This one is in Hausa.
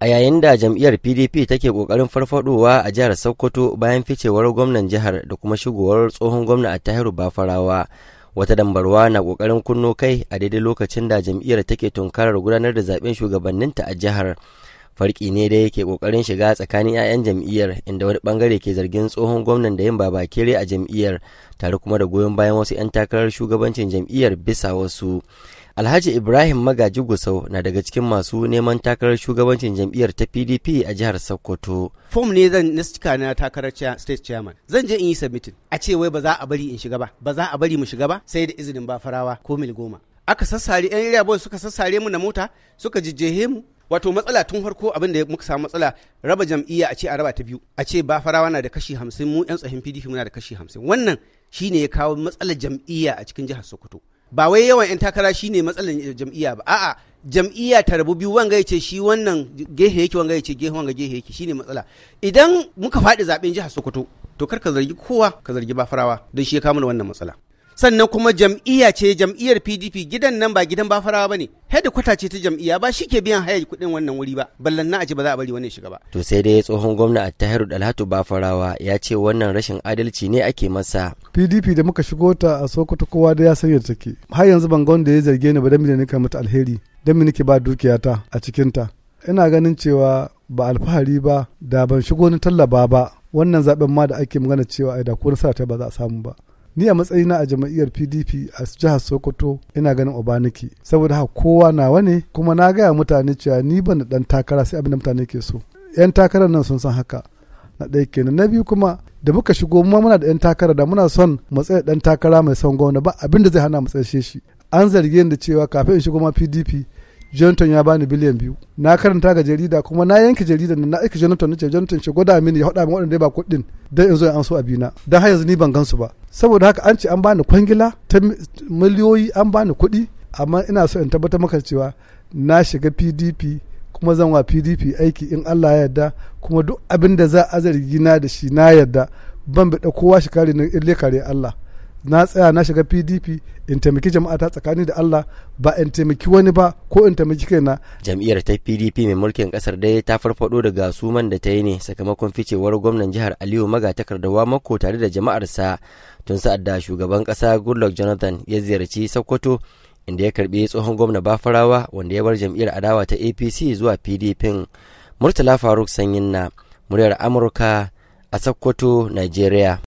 A yayin da jam'iyyar PDP take ƙoƙarin farfaɗowa a jihar Sokoto bayan ficewar gwamnan jihar da kuma shigowar tsohon gwamna a Tahiru Bafarawa, wata dambarwa na ƙoƙarin kunno kai a daidai lokacin da jam'iyyar take tunkarar gudanar da zaben shugabanninta a jihar. farki ne da yake kokarin shiga tsakanin 'ya'yan jam'iyyar inda wani bangare ke zargin tsohon gwamnan da yin baba kere a jam'iyyar tare kuma da goyon bayan wasu 'yan takarar shugabancin jam'iyyar bisa wasu alhaji ibrahim magaji gusau na daga cikin masu neman takarar shugabancin jam'iyyar ta pdp a jihar sokoto fom ne zan na cika na takarar state chairman zan je in yi submitin a ce wai ba za a bari in shiga ba ba za a bari mu shiga ba sai da izinin ba farawa ko mil goma aka sassare yan area boys suka sassare mu na mota suka jijjehe mu wato matsala tun farko abin da muka samu matsala raba jam'iyya a ce a raba ta biyu a ce ba farawa na da kashi hamsin mu yan tsohon pdp muna da kashi hamsin wannan shine ya kawo matsalar jam'iyya a cikin jihar sokoto ba wai yawan yan takara shine matsalar eh, jam'iyya ba a'a jam'iyya ta rabu biyu wanga yace shi wannan gehe yake wanga yace gehe wanga gehe yake shine matsala idan muka faɗi zaben jihar sokoto to kar ka zargi kowa ka zargi ba farawa don shi ya kawo mana wannan matsala sannan kuma jam'iyya ce jam'iyyar pdp gidan nan ba gidan ba farawa bane kwata ce ta jam'iyya ba shi ke biyan hayar kuɗin wannan wuri ba ballan na aji ba za a bari wannan shiga ba to sai dai tsohon gwamna a attahiru dalhatu ba farawa ya ce wannan rashin adalci ne ake masa pdp da muka shigo ta a sokoto kowa da ya san yadda take har yanzu ban ga wanda ya zarge ni ba dan mene nika mata alheri dan nike ba dukiya ta a cikin ta ina ganin cewa ba alfahari ba da ban shigo ni tallaba ba wannan zaben ma da ake magana cewa ai da ko nasara ta ba za a samu ba ni a matsayina a jam'iyyar pdp a jihar sokoto ina ganin obaniki saboda haka kowa nawa ne kuma na gaya mutane cewa ni ban ɗan dan takara sai abin da mutane ke so yan takarar nan sun san haka na ɗaya kenan na biyu kuma da muka shigo mu muna da yan takara da muna son tsaya dan takara mai son gwamna ba abinda zai hana mu tsaye shi an zargi da cewa kafin in shigo ma pdp jonathan ya bani biliyan biyu na karanta ga jarida kuma na yanke jarida na aiki jonathan na ce jonathan ce gwada mini ya haɗa min waɗanda ba kuɗin don in zo an so abina don har yanzu ni ban gansu ba saboda haka an ce an bani kwangila ta miliyoyi an bani kuɗi amma ina so in tabbatar maka cewa na shiga pdp kuma zan wa pdp aiki in allah ya yarda kuma duk abin da za a zargi na da shi na yarda ban bi kowa shi kare na ille kare allah na tsaya na shiga pdp in taimaki jama'a ta tsakani da allah ba in taimaki wani ba ko in taimaki kaina jam'iyyar ta pdp mai mulkin kasar dai ta farfado daga suman da ta yi ne sakamakon ficewar gwamnan jihar aliyu wa mako tare da jama'arsa tun sa'ad da shugaban kasa goodluck jonathan ya ziyarci sokoto inda ya karbi tsohon gwamna bafarawa wanda ya bar jam'iyyar adawa ta apc zuwa pdp murtala faruk sanyin na muryar amurka a sokoto nigeria